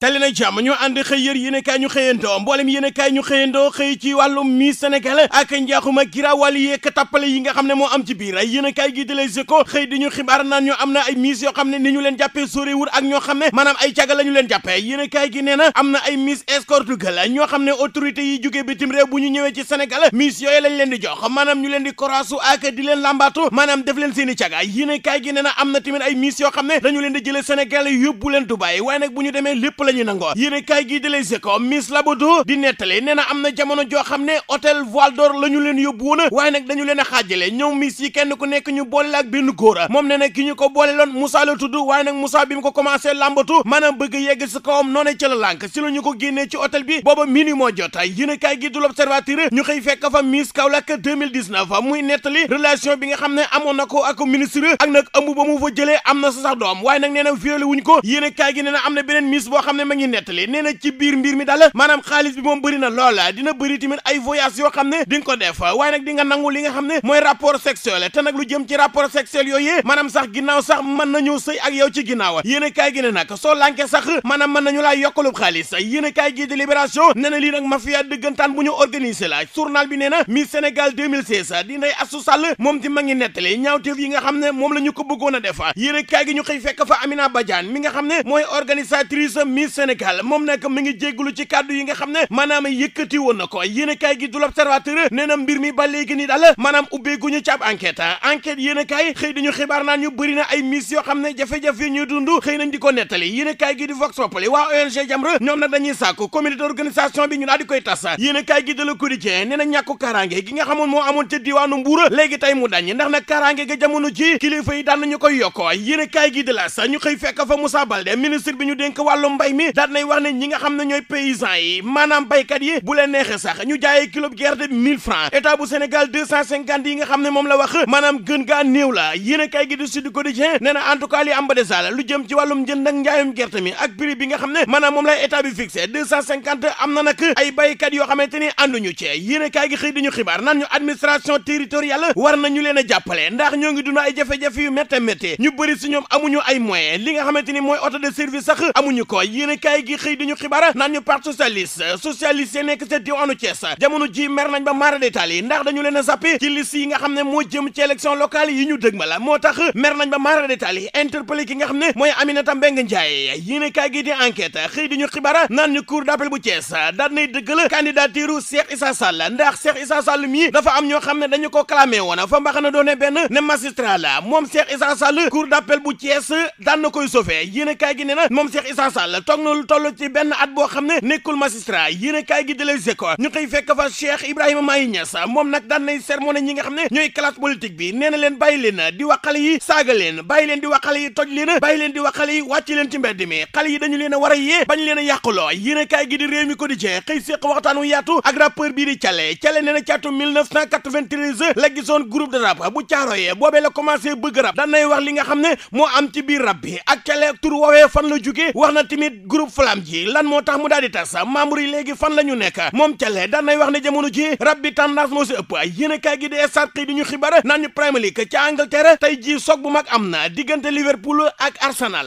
tali na jàmm ñu ànd xëy yër yéenekaay ñu xëyandoo mboolem yéenekaay ñu xëyandoo xëy ci wàllum Miss Sénégal ak njaaxuma giraawaal yeeg tappale yi nga xam ne moo am ci biir yéenekaay gi di Les Échos xëy di ñu xibaar ay Miss yoo xam ne ni leen jàppee sóorewul ak ñoo xam ne maanaam ay caga la leen jàppee yéenekaay gi nee na ay Miss escorte gala ñoo xam ne autorité yi jógee bitim bu ñu ñëwee ci Sénégal Miss yooyu lañ leen di jox maanaam ñu leen di koraasu ak di leen làmbaatu maanaam def leen seeni caga yéenekaay gi nee na am ne dañu leen di jëlee Sénégal yóbbu leen Dubaï waaye nag bu ñu demee lépp la ñuy nangoo yéene kaay gii di Les Échos Miss Labadou di nettali nee am na jamono joo ne hôtel Voile d'Or leen yóbbu waaye nag dañu leen a xaajale ñoom miss yi kenn ku nekk ñu boole la ak benn góor moom nee ki ñu ko boole loon Moussa la tudd waaye nag Moussa bi mu ko commencé làmbatu maanaam bëgg yegg si kawam noone ca lànk si la ñu ko génnee ci hôtel bi booba minuit moo jot yéene kaay gii du L'Observateur ñu xëy fekk fa Miss Kaolack 2019 muy ne ma ngi nettali nee na ci biir mbir mi daal maanaam xaalis bi moom bëri na loola dina bëri tamit ay voyage xam ne di nga ko def waaye nag di nangu li nga xam ne mooy rapport sexuel te nag lu jëm maanaam sax ginnaaw nañu laa yokkalub xaalis yéen a kaay gi di bu ñu organiser la journal bi nee na Miss Sénégal 2016 di moom ti ma ngi nettali nga xam ne moom la ñu ko bëggoon a def yéen a kaay gi ñu xëy mi Sénégal moom nag mi ngi jégglu ci kàddu yi nga xam ne maanaam yëkkati woon na ko yéen a kaay gi du l'observateur nee na mbir mi ba léegi ni daal maanaam ubbeeguñu ci a ah kaay xëy dañu xibaar naan ñu bëri ay miss yoo xam ne jafe-jafe yi ñuy dund xëy ko nettali a kaay gi di ñu daal di koy tas ah yéen a kaay gi de Le Quotidien nee na ñàkku nga xamoon moo amoon ca diwaanu Mbuur léegi tey mu dañ ndax nag kaaraange ga jamono ji kilifa yi a ah kaay gi sa ñu xëy fekk fa Moussa Baldé ministre bi ñu dénk wàllu mbay mi daal nay wax ne ñi nga xam ne ñooy paysan yi maanaam béykat yi bu leen neexe sax ñu jaayee kilo gerte 1000 francs état bu Sénégal 250 yi nga xam ne moom la wax maanaam gën gaa néew la yéen a kay gi du Sud Quotidien nee na en tout cas li am ba des daal lu jëm ci wàllum jënd ak njaayum gerte mi ak prix bi nga xam ne maanaam moom lay état bi fixé am na nag ay béykat yoo xamante ni ànduñu cee yéen ne kay gi xëy ñu xibaar naan ñu administration territoriale war nañu leen a jàppale ndax ñoo ngi dund ay jafe-jafe yu métte métte ñu bëri amuñu ay moyen li nga xamante ni mooy auto de service sax amuñu ko yéen a kaay gi xëy diñu xibaar naan ñu parti socialiste socialiste yi nekk ca diwaanu Thiès jamono ji mer ba mara détaal yi ndax dañu leen a sàppi ci liste nga xam ne moo jëm ci élection locale yi ñu dëgmal la moo tax mer ba mara détaal yi interpellé ki nga xam ne mooy Aminata Mbengue Ndiaye yéen a di enquête xëy diñu xibaar naan ñu cour d'appel bu Thiès daan nay dëggal candidature Cheikh Issa Sall ndax Cheikh Issa mii dafa am ñoo xam ne dañu ko clamé woon fa mbaxana a toog na lu toll ci boo xam ne nekkul magistrat yéen a kaay gi di Les Échos ñu koy fekk fa Cheikh Ibrahima Maye Niass moom nag daan nay sermoné ñi nga xam ne ñooy classe politique bi nee leen bàyyi leen di wax xale yi saaga leen bàyyi leen di wax xale yi toj leen di wax xale yi wàcc leen ci mbedd mi xale yi dañu leen a war a yee bañ leen a yàquloo yéen a kaay gi di réew mi quotidien xëy séq waxtaan wu yaatu ak rappeur bii di Thialé Thialé nee na caatu 1993 la gisoon groupe bu Caaroye boobee wax li nga xam ne moo am ci biir rap bi la jóge wax na tamit groupe Flamme ji lan moo tax mu daal di tas membre yi léegi fan la ñu nekk moom Thialé daan nay wax ne jamono ji rab bi tendance moo si ëpp yéen kaay gi di Stades xëy di ñu xibaar naan ñu Premier League ca Angleterre tey jii soog bu mag am na diggante Liverpool ak Arsenal